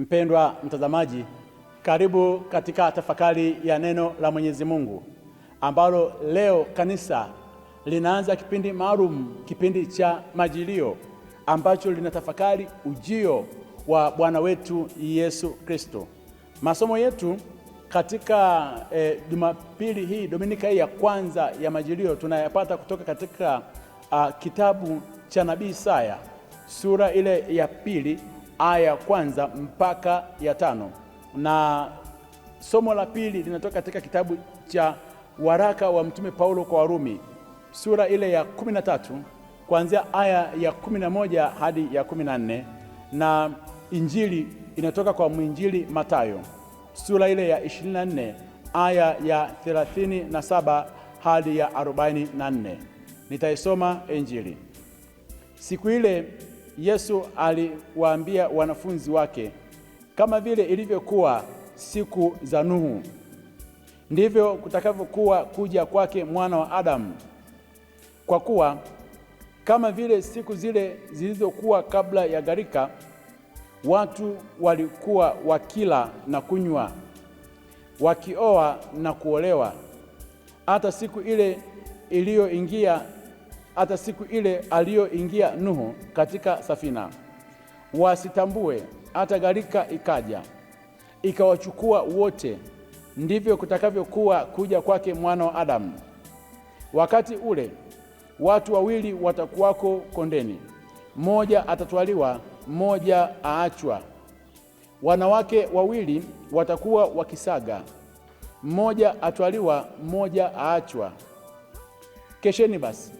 Mpendwa mtazamaji, karibu katika tafakari ya neno la Mwenyezi Mungu ambalo leo kanisa linaanza kipindi maalum, kipindi cha Majilio ambacho linatafakari ujio wa Bwana wetu Yesu Kristo. Masomo yetu katika e, Jumapili hii, Dominika hii ya kwanza ya Majilio tunayapata kutoka katika a, ah, kitabu cha nabii Isaya sura ile ya pili aya ya kwanza mpaka ya tano na somo la pili linatoka katika kitabu cha waraka wa Mtume Paulo kwa Warumi sura ile ya kumi na tatu kuanzia aya ya kumi na moja hadi ya kumi na nne na injili inatoka kwa mwinjili Matayo sura ile ya 24 aya ya 37 hadi ya 44. Nitaisoma injili siku ile Yesu aliwaambia wanafunzi wake, kama vile ilivyokuwa siku za Nuhu, ndivyo kutakavyokuwa kuja kwake mwana wa Adamu. Kwa kuwa kama vile siku zile zilizokuwa kabla ya gharika, watu walikuwa wakila na kunywa, wakioa na kuolewa, hata siku ile iliyoingia hata siku ile aliyoingia Nuhu katika safina, wasitambue hata gharika ikaja ikawachukua wote. Ndivyo kutakavyokuwa kuja kwake mwana wa Adamu. Wakati ule watu wawili watakuwako kondeni, mmoja atatwaliwa, mmoja aachwa. Wanawake wawili watakuwa wakisaga, mmoja atwaliwa, mmoja aachwa. Kesheni basi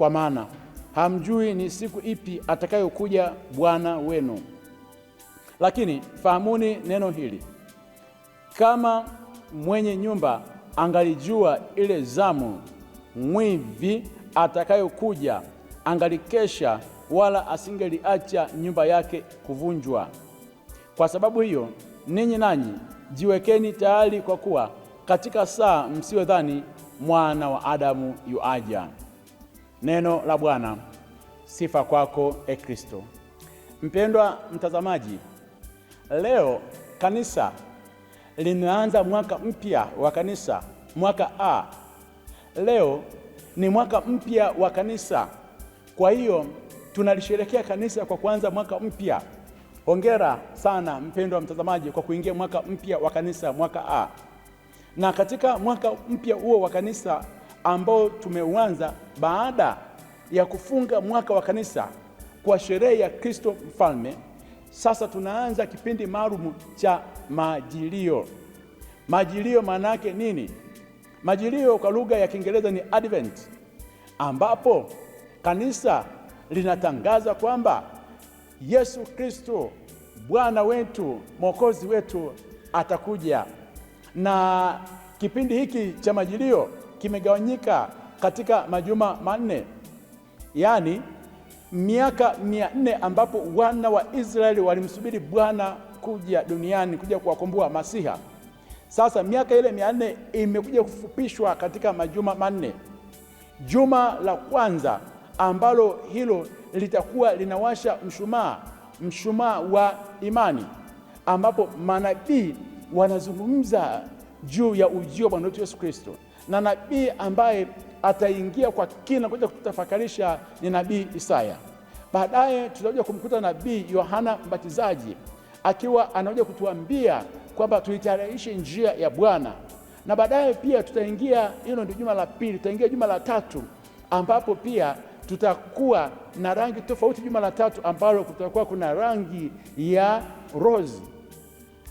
kwa maana hamjui ni siku ipi atakayokuja Bwana wenu. Lakini fahamuni neno hili, kama mwenye nyumba angalijua ile zamu mwivi atakayokuja, angalikesha, wala asingeliacha nyumba yake kuvunjwa. Kwa sababu hiyo, ninyi nanyi jiwekeni tayari, kwa kuwa katika saa msiyodhani mwana wa Adamu yuaja. Neno la Bwana. Sifa kwako e Kristo. Mpendwa mtazamaji, leo kanisa linaanza mwaka mpya wa kanisa, mwaka A. Leo ni mwaka mpya wa kanisa, kwa hiyo tunalisherekea kanisa kwa kuanza mwaka mpya. Hongera sana mpendwa mtazamaji kwa kuingia mwaka mpya wa kanisa, mwaka A. Na katika mwaka mpya huo wa kanisa ambao tumeuanza baada ya kufunga mwaka wa kanisa kwa sherehe ya Kristo Mfalme. Sasa tunaanza kipindi maalum cha majilio. Majilio maana yake nini? Majilio kwa lugha ya Kiingereza ni Advent, ambapo kanisa linatangaza kwamba Yesu Kristo Bwana wetu Mwokozi wetu atakuja, na kipindi hiki cha majilio kimegawanyika katika majuma manne, yaani miaka mia nne ambapo wana wa Israeli walimsubiri Bwana kuja duniani kuja kuwakomboa Masiha. Sasa miaka ile mia nne imekuja kufupishwa katika majuma manne. Juma la kwanza ambalo hilo litakuwa linawasha mshumaa, mshumaa wa imani, ambapo manabii wanazungumza juu ya ujio wa Bwana wetu Yesu Kristo na nabii ambaye ataingia kwa kina kuja kututafakarisha ni nabii Isaya. Baadaye tutakuja kumkuta nabii Yohana Mbatizaji akiwa anakuja kutuambia kwamba tuitayarishe njia ya Bwana, na baadaye pia tutaingia, hilo ndio juma la pili, tutaingia juma la tatu ambapo pia tutakuwa na rangi tofauti. Juma la tatu ambalo kutakuwa kuna rangi ya rozi,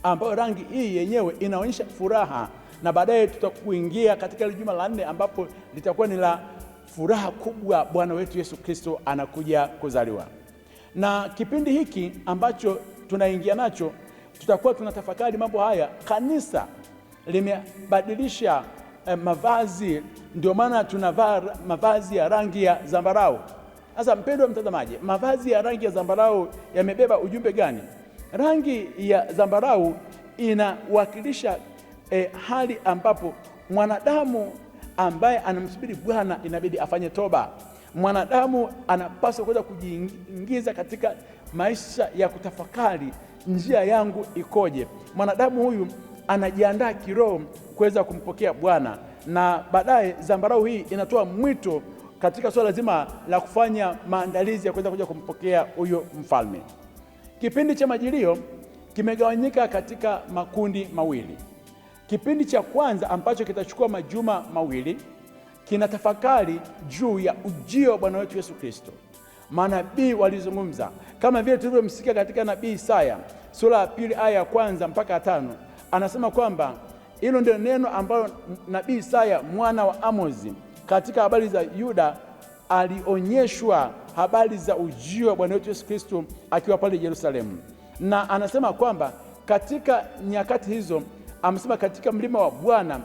ambayo rangi hii yenyewe inaonyesha furaha na baadaye tutakuingia katika ile juma la nne ambapo litakuwa ni la furaha kubwa, Bwana wetu Yesu Kristo anakuja kuzaliwa. Na kipindi hiki ambacho tunaingia nacho, tutakuwa tunatafakari mambo haya. Kanisa limebadilisha eh, mavazi, ndio maana tunavaa mavazi ya rangi ya zambarau. Sasa mpendwa mtazamaji, mavazi ya rangi ya zambarau yamebeba ujumbe gani? Rangi ya zambarau inawakilisha eh, hali ambapo mwanadamu ambaye anamsubiri Bwana inabidi afanye toba. Mwanadamu anapaswa kuweza kujiingiza katika maisha ya kutafakari, njia yangu ikoje? Mwanadamu huyu anajiandaa kiroho kuweza kumpokea Bwana, na baadaye zambarau hii inatoa mwito katika suala zima la kufanya maandalizi ya kuweza kuja kumpokea huyo mfalme. Kipindi cha majilio kimegawanyika katika makundi mawili. Kipindi cha kwanza ambacho kitachukua majuma mawili kina tafakari juu ya ujio wa Bwana wetu Yesu Kristo. Manabii walizungumza kama vile tulivyomsikia katika nabii Isaya sura ya pili aya ya kwanza mpaka ya tano anasema kwamba hilo ndio neno ambalo nabii Isaya mwana wa Amozi katika habari za Yuda alionyeshwa habari za ujio wa Bwana wetu Yesu Kristo akiwa pale Yerusalemu, na anasema kwamba katika nyakati hizo amesema katika mlima wa Bwana,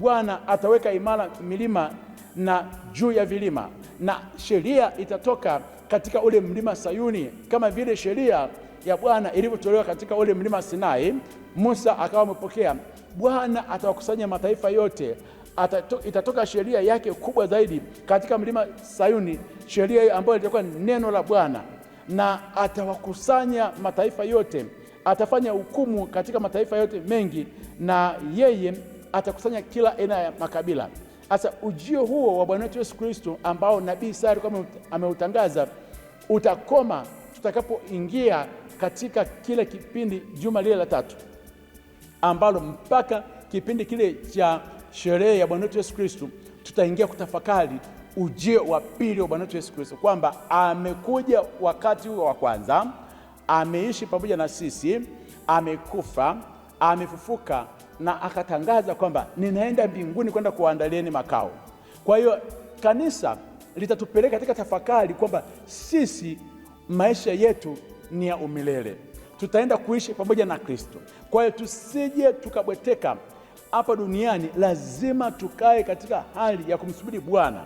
Bwana ataweka imara milima na juu ya vilima, na sheria itatoka katika ule mlima Sayuni, kama vile sheria ya Bwana ilivyotolewa katika ule mlima Sinai. Musa akawa amepokea. Bwana atawakusanya mataifa yote Atato, itatoka sheria yake kubwa zaidi katika mlima Sayuni, sheria ambayo ilitakuwa neno la Bwana, na atawakusanya mataifa yote atafanya hukumu katika mataifa yote mengi, na yeye atakusanya kila aina ya makabila. Sasa ujio huo wa Bwana wetu Yesu Kristo ambao nabii Isaya alikuwa ameutangaza utakoma tutakapoingia katika kile kipindi, juma lile la tatu, ambalo mpaka kipindi kile cha sherehe ya Bwana wetu Yesu Kristo tutaingia kutafakari ujio wa pili wa Bwana wetu Yesu Kristo, kwamba amekuja wakati huo wa kwanza ameishi pamoja na sisi, amekufa, amefufuka na akatangaza kwamba ninaenda mbinguni kwenda kuandalieni makao. Kwa hiyo kanisa litatupeleka katika tafakari kwamba sisi maisha yetu ni ya umilele, tutaenda kuishi pamoja na Kristo. Kwa hiyo tusije tukabweteka hapa duniani, lazima tukae katika hali ya kumsubiri Bwana.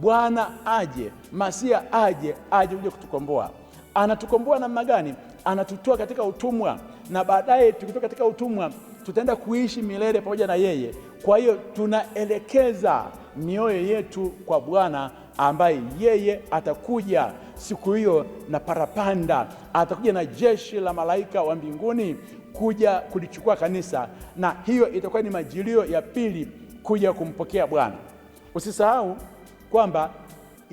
Bwana aje, Masia aje, aje kuja kutukomboa. Anatukomboa namna gani? Anatutoa katika utumwa, na baadaye tukitoka katika utumwa tutaenda kuishi milele pamoja na yeye. Kwa hiyo tunaelekeza mioyo yetu kwa Bwana ambaye yeye atakuja siku hiyo na parapanda, atakuja na jeshi la malaika wa mbinguni kuja kulichukua kanisa, na hiyo itakuwa ni majilio ya pili kuja kumpokea Bwana. Usisahau kwamba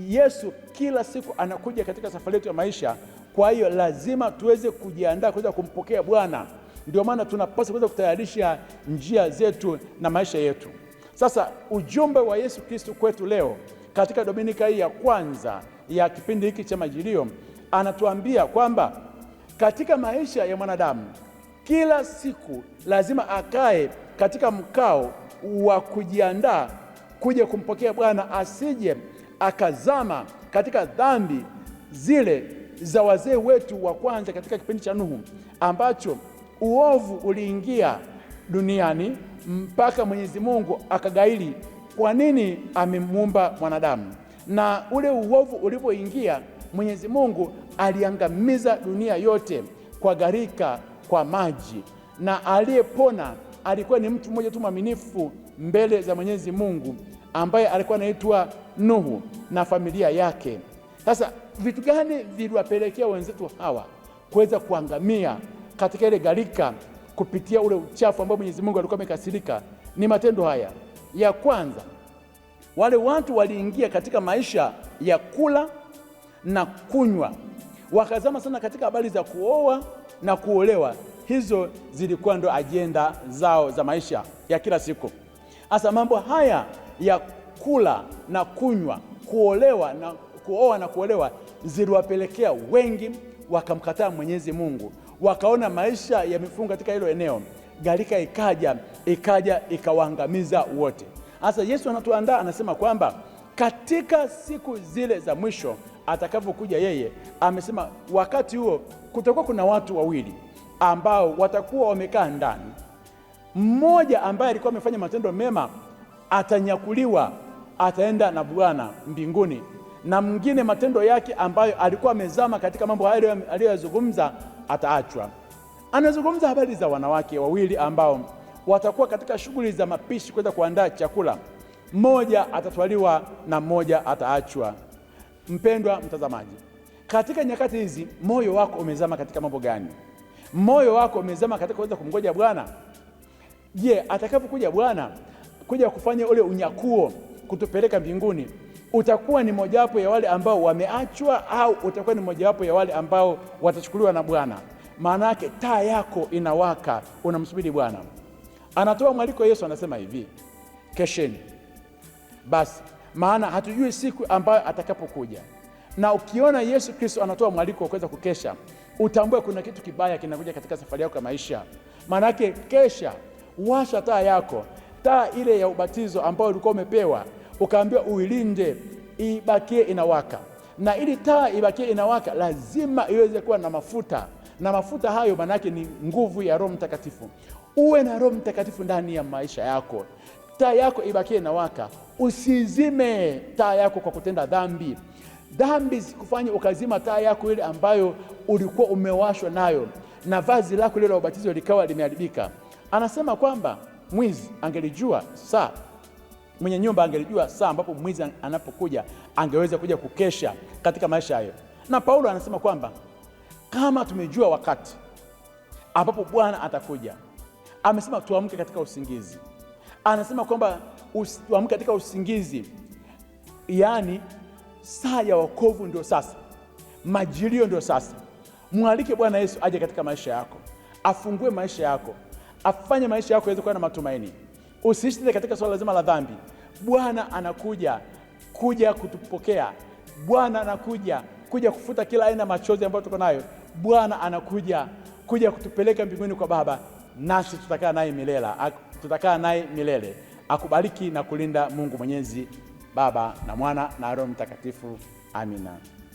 Yesu kila siku anakuja katika safari yetu ya maisha. Kwa hiyo lazima tuweze kujiandaa kuweza kumpokea Bwana. Ndio maana tunapaswa kuweza kutayarisha njia zetu na maisha yetu. Sasa ujumbe wa Yesu Kristo kwetu leo katika dominika hii ya kwanza ya kipindi hiki cha Majilio, anatuambia kwamba katika maisha ya mwanadamu kila siku lazima akae katika mkao wa kujiandaa kuja kumpokea Bwana, asije akazama katika dhambi zile za wazee wetu wa kwanza katika kipindi cha Nuhu ambacho uovu uliingia duniani mpaka Mwenyezi Mungu akagaili kwa nini amemuumba mwanadamu. Na ule uovu ulipoingia, Mwenyezi Mungu aliangamiza dunia yote kwa gharika, kwa maji, na aliyepona alikuwa ni mtu mmoja tu mwaminifu mbele za Mwenyezi Mungu ambaye alikuwa anaitwa Nuhu na familia yake. Sasa vitu gani viliwapelekea wenzetu hawa kuweza kuangamia katika ile gharika kupitia ule uchafu ambao Mwenyezi Mungu alikuwa amekasirika? Ni matendo haya. Ya kwanza, wale watu waliingia katika maisha ya kula na kunywa, wakazama sana katika habari za kuoa na kuolewa. Hizo zilikuwa ndo ajenda zao za maisha ya kila siku. Hasa mambo haya ya kula na kunywa, kuolewa na kuoa na kuolewa ziliwapelekea wengi wakamkataa Mwenyezi Mungu, wakaona maisha yamefunga katika hilo eneo, gharika ikaja ikaja ikawaangamiza wote. Sasa Yesu anatuandaa anasema kwamba katika siku zile za mwisho atakapokuja yeye, amesema wakati huo kutakuwa kuna watu wawili ambao watakuwa wamekaa ndani, mmoja ambaye alikuwa amefanya matendo mema atanyakuliwa ataenda na Bwana mbinguni, na mwingine matendo yake ambayo alikuwa amezama katika mambo hayo aliyozungumza ataachwa. Anazungumza habari za wanawake wawili ambao watakuwa katika shughuli za mapishi kwenda kuandaa chakula, mmoja atatwaliwa na mmoja ataachwa. Mpendwa mtazamaji, katika nyakati hizi moyo wako umezama katika mambo gani? Moyo wako umezama katika kuweza kumngoja Bwana? Je, atakapokuja Bwana kuja kufanya ule unyakuo kutupeleka mbinguni, utakuwa ni mojawapo ya wale ambao wameachwa, au utakuwa ni mojawapo ya wale ambao watachukuliwa na Bwana. Maana yake taa yako inawaka, unamsubiri Bwana. Anatoa mwaliko Yesu, anasema hivi, kesheni basi, maana hatujui siku ambayo atakapokuja. Na ukiona Yesu Kristo anatoa mwaliko wa kuweza kukesha, utambue kuna kitu kibaya kinakuja katika safari yako ya maisha. Maana yake kesha, washa taa yako taa ile ya ubatizo ambayo ulikuwa umepewa, ukaambiwa uilinde ibakie inawaka. Na ili taa ibakie inawaka, lazima iweze kuwa na mafuta, na mafuta hayo maana yake ni nguvu ya Roho Mtakatifu. Uwe na Roho Mtakatifu ndani ya maisha yako, taa yako ibakie inawaka. Usizime taa yako kwa kutenda dhambi. Dhambi zikufanye ukazima taa yako ile ambayo ulikuwa umewashwa nayo, na vazi lako lile la ubatizo likawa limeharibika. Anasema kwamba mwizi angelijua saa, mwenye nyumba angelijua saa ambapo mwizi anapokuja, angeweza kuja kukesha katika maisha hayo. Na Paulo anasema kwamba kama tumejua wakati ambapo Bwana atakuja, amesema tuamke katika usingizi. Anasema kwamba tuamke katika usingizi, yaani saa ya wokovu ndio sasa, majilio ndio sasa. Mwalike Bwana Yesu aje katika maisha yako, afungue maisha yako afanye maisha yako yaweze kuwa na matumaini. Usiishi katika swala zima la dhambi. Bwana anakuja kuja kutupokea. Bwana anakuja kuja kufuta kila aina ya machozi ambayo tuko nayo. Bwana anakuja kuja kutupeleka mbinguni kwa Baba, nasi tutakaa naye milela, tutakaa naye milele. Akubariki na kulinda Mungu Mwenyezi, Baba na Mwana na Roho Mtakatifu. Amina.